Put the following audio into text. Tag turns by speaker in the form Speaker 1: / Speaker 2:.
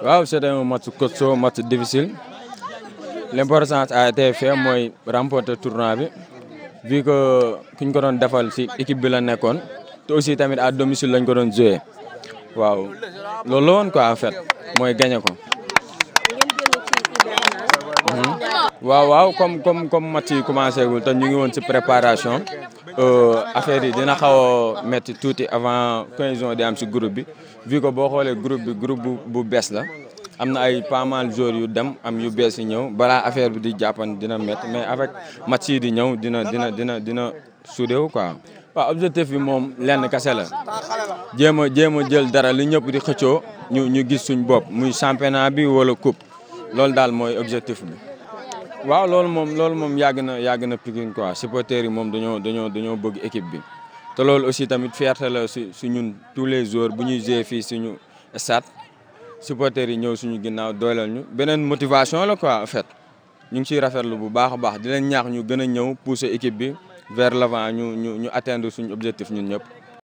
Speaker 1: waaw c'était un match costaud match difficile l'importance a été fait mooy remporter tournoi bi vu ko ki ñu ko doon defal si équipe bi la nekkoon te aussi tamit à domicile lañ ko doon joué waaw loolu la woon quoi en fait mooy gagné ko. Mhm. waaw waaw comme comme comme match yi commencé gul te ñu ngi woon si préparation euh, affaire yi dina xaw a métti tuuti avant cohésion di am si groupe bi vu ko boo xoolee groupe bi groupe bu bu bees la. am na ay pas mal joueurs yu dem am yu bees yu ñëw balaa affaire bi di jàppan dina métti mais avec match yi di ñëw dina dina dina dina soudéw quoi. waaw objectif bi moom lenn kese la jéem a jéem a jël dara li ñëpp di xëccoo ñu ñu gis suñu bopp muy championnat bi wala coupe loolu daal mooy objectif bi. waaw loolu moom loolu moom yàgg na yàgg na Pikine quoi supporters yi moom dañoo dañoo dañoo bëgg équipe bi te loolu aussi tamit fierté la su su ñun tous les jours bu ñuy jouer fii suñu stade. supporters yi ñëw suñu ginnaaw doole ñu beneen motivation la quoi en fait ñu ngi ciy rafetlu bu baax a baax di leen ñaax ñu gën a ñëw pousser équipe bi vers l'avant ñu ñu ñu atteindre suñu objectif ñun ñëpp.